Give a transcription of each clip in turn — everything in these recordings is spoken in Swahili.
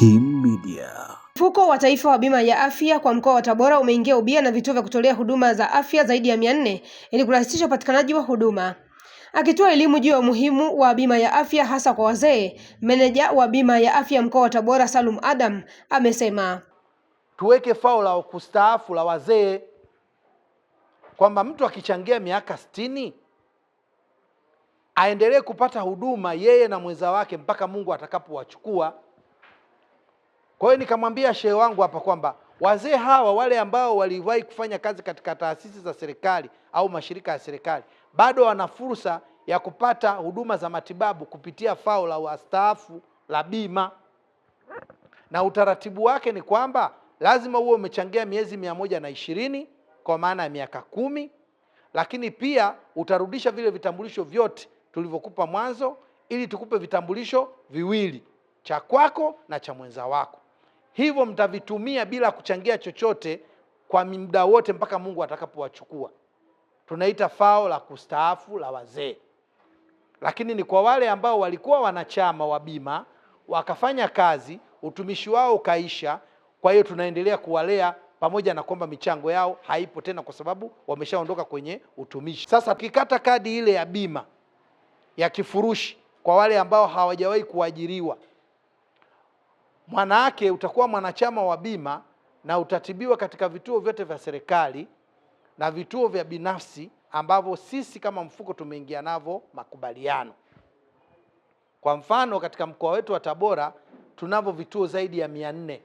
Kim Media. Mfuko wa Taifa wa Bima ya Afya kwa mkoa wa Tabora umeingia ubia na vituo vya kutolea huduma za afya zaidi ya mia nne ili kurahisisha upatikanaji wa huduma. Akitoa elimu juu ya umuhimu wa bima ya afya hasa kwa wazee, meneja wa bima ya afya mkoa wa Tabora Salum Adam amesema tuweke fao la kustaafu la wazee, kwamba mtu akichangia miaka sitini aendelee kupata huduma yeye na mwenza wake mpaka Mungu atakapowachukua. Kwa hiyo nikamwambia shehe wangu hapa kwamba wazee hawa wale ambao waliwahi kufanya kazi katika taasisi za serikali au mashirika ya serikali bado wana fursa ya kupata huduma za matibabu kupitia fao la wastaafu la bima, na utaratibu wake ni kwamba lazima uwe umechangia miezi mia moja na ishirini kwa maana ya miaka kumi, lakini pia utarudisha vile vitambulisho vyote tulivyokupa mwanzo, ili tukupe vitambulisho viwili, cha kwako na cha mwenza wako hivyo mtavitumia bila kuchangia chochote kwa muda wote mpaka Mungu atakapowachukua. Tunaita fao la kustaafu la wazee, lakini ni kwa wale ambao walikuwa wanachama wa bima wakafanya kazi, utumishi wao ukaisha. Kwa hiyo tunaendelea kuwalea pamoja na kwamba michango yao haipo tena kwa sababu wameshaondoka kwenye utumishi. Sasa tukikata kadi ile ya bima ya kifurushi kwa wale ambao hawajawahi kuajiriwa Mwanaake utakuwa mwanachama wa bima na utatibiwa katika vituo vyote vya serikali na vituo vya binafsi ambavyo sisi kama mfuko tumeingia navyo makubaliano. Kwa mfano, katika mkoa wetu wa Tabora tunavyo vituo zaidi ya mia nne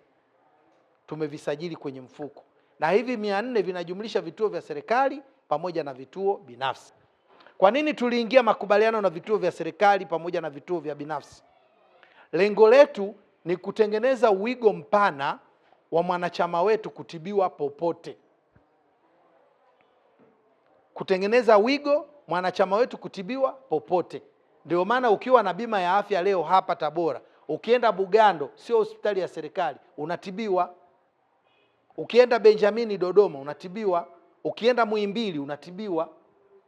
tumevisajili kwenye mfuko, na hivi mia nne vinajumlisha vituo vya serikali pamoja na vituo binafsi. Kwa nini tuliingia makubaliano na vituo vya serikali pamoja na vituo vya binafsi? Lengo letu ni kutengeneza wigo mpana wa mwanachama wetu kutibiwa popote, kutengeneza wigo mwanachama wetu kutibiwa popote. Ndio maana ukiwa na bima ya afya leo hapa Tabora, ukienda Bugando, sio hospitali ya serikali, unatibiwa. Ukienda Benjamini Dodoma, unatibiwa. Ukienda Muhimbili, unatibiwa.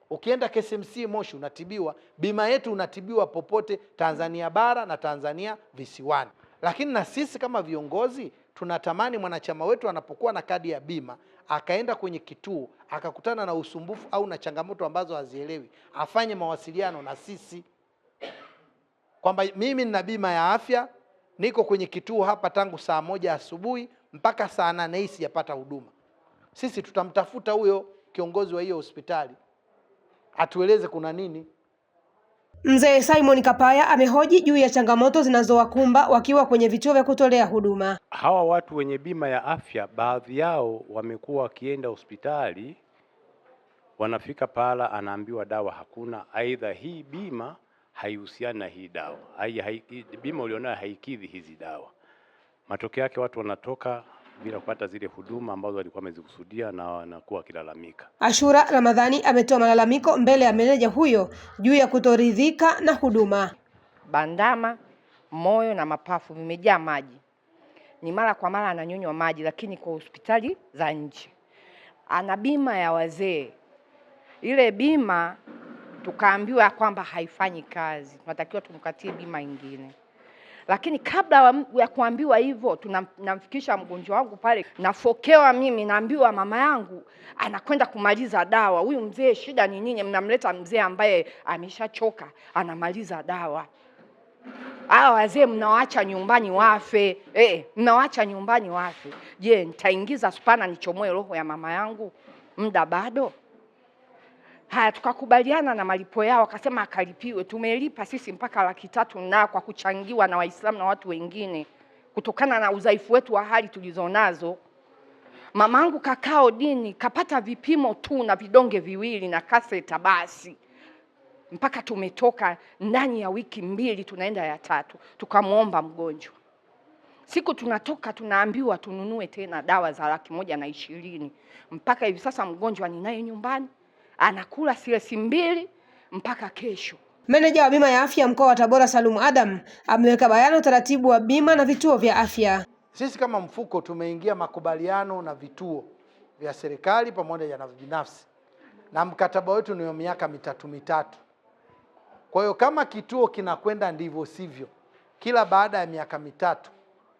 Ukienda KSMC Moshi, unatibiwa. Bima yetu unatibiwa popote Tanzania bara na Tanzania visiwani. Lakini na sisi kama viongozi tunatamani mwanachama wetu anapokuwa na kadi ya bima akaenda kwenye kituo akakutana na usumbufu au na changamoto ambazo hazielewi, afanye mawasiliano na sisi kwamba mimi nina bima ya afya, niko kwenye kituo hapa tangu saa moja asubuhi mpaka saa nane hii sijapata huduma. Sisi tutamtafuta huyo kiongozi wa hiyo hospitali atueleze kuna nini. Mzee Simon Kapaya amehoji juu ya changamoto zinazowakumba wakiwa kwenye vituo vya kutolea huduma. Hawa watu wenye bima ya afya, baadhi yao wamekuwa wakienda hospitali, wanafika pahala, anaambiwa dawa hakuna, aidha hii bima haihusiani na hii dawa hai, hai, bima ulionayo haikidhi hizi dawa. Matokeo yake watu wanatoka bila kupata zile huduma ambazo walikuwa wamezikusudia na wanakuwa wakilalamika. Ashura Ramadhani ametoa malalamiko mbele ya meneja huyo juu ya kutoridhika na huduma. Bandama, moyo na mapafu vimejaa maji, ni mara kwa mara ananyonywa maji, lakini kwa hospitali za nje. Ana bima ya wazee, ile bima tukaambiwa kwamba haifanyi kazi, tunatakiwa tumkatie bima ingine. Lakini kabla ya kuambiwa hivyo, tunamfikisha mgonjwa wangu pale, nafokewa mimi, naambiwa mama yangu anakwenda kumaliza dawa. Huyu mzee shida ni nini? Mnamleta mzee ambaye ameshachoka anamaliza dawa. Hawa wazee mnawacha nyumbani wafe. Eh, mnawacha nyumbani wafe. Je, nitaingiza spana nichomoe roho ya mama yangu? Muda bado. Haya, tukakubaliana na malipo yao, akasema akalipiwe. Tumelipa sisi mpaka laki tatu na kwa kuchangiwa na Waislamu na watu wengine, kutokana na udhaifu wetu wa hali tulizonazo. Mamangu kakao dini kapata vipimo tu na vidonge viwili na kaseta basi mpaka tumetoka ndani ya wiki mbili, tunaenda ya tatu, tukamwomba mgonjwa. Siku tunatoka tunaambiwa tununue tena dawa za laki moja na ishirini. Mpaka hivi sasa mgonjwa ninaye nyumbani, anakula silesi mbili mpaka kesho. Meneja wa bima ya afya mkoa wa Tabora, Salum Adam, ameweka bayana utaratibu wa bima na vituo vya afya. Sisi kama mfuko tumeingia makubaliano na vituo vya serikali pamoja na binafsi, na mkataba wetu ni wa miaka mitatu mitatu. Kwa hiyo kama kituo kinakwenda ndivyo sivyo, kila baada ya miaka mitatu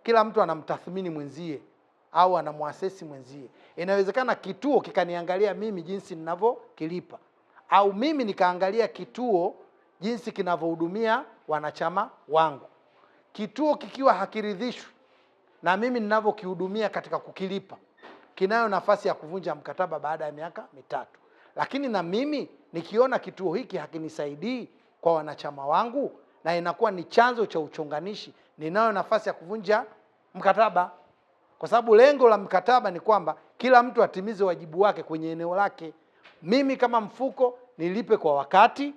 kila mtu anamtathmini mwenzie au anamwasesi mwenzie inawezekana kituo kikaniangalia mimi jinsi ninavyokilipa, au mimi nikaangalia kituo jinsi kinavyohudumia wanachama wangu. Kituo kikiwa hakiridhishwi na mimi ninavyokihudumia katika kukilipa, kinayo nafasi ya kuvunja mkataba baada ya miaka mitatu. Lakini na mimi nikiona kituo hiki hakinisaidii kwa wanachama wangu na inakuwa ni chanzo cha uchonganishi, ninayo nafasi ya kuvunja mkataba kwa sababu lengo la mkataba ni kwamba kila mtu atimize wajibu wake kwenye eneo lake. Mimi kama mfuko nilipe kwa wakati,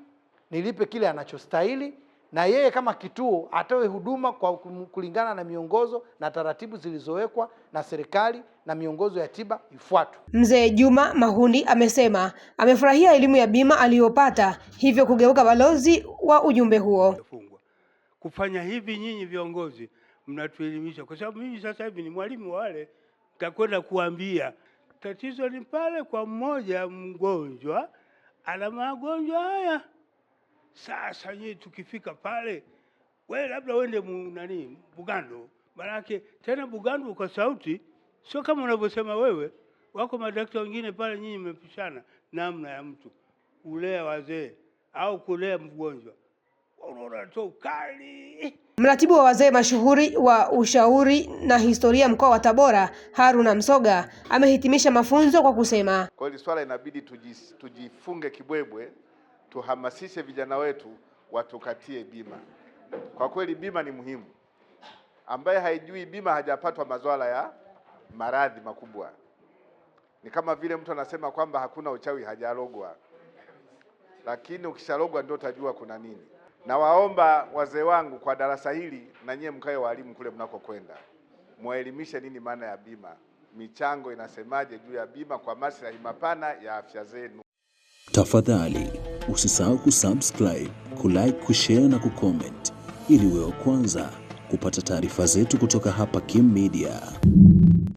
nilipe kile anachostahili, na yeye kama kituo atoe huduma kwa kulingana na miongozo na taratibu zilizowekwa na serikali na miongozo ya tiba ifuatwe. Mzee Juma Mahundi amesema amefurahia elimu ya bima aliyopata, hivyo kugeuka balozi wa ujumbe huo. Kufanya hivi nyinyi viongozi mnatuelimisha, kwa sababu mimi sasa hivi ni mwalimu wale, nitakwenda kuambia tatizo ni pale kwa mmoja mgonjwa ana magonjwa haya. Sasa nyie tukifika pale, we labda uende nani Bugando, manake tena Bugando kwa sauti, sio kama unavyosema wewe. Wako madaktari wengine pale, nyinyi mmepishana namna ya mtu kulea wazee au kulea mgonjwa, unaona tu kali Mratibu wa wazee mashuhuri wa ushauri na historia mkoa wa Tabora, Haruna Msoga, amehitimisha mafunzo kwa kusema, kwa hiyo swala inabidi tujifunge kibwebwe, tuhamasishe vijana wetu watukatie bima. Kwa kweli bima ni muhimu, ambaye haijui bima hajapatwa mazwala ya maradhi makubwa. Ni kama vile mtu anasema kwamba hakuna uchawi hajalogwa, lakini ukishalogwa ndio utajua kuna nini. Nawaomba wazee wangu kwa darasa hili na nyie mkae walimu kule mnakokwenda, mwaelimishe nini maana ya bima, michango inasemaje juu ya bima kwa maslahi mapana ya afya zenu. Tafadhali usisahau kusubscribe, kulike, kushare na kucomment ili uwe wa kwanza kupata taarifa zetu kutoka hapa Kim Media.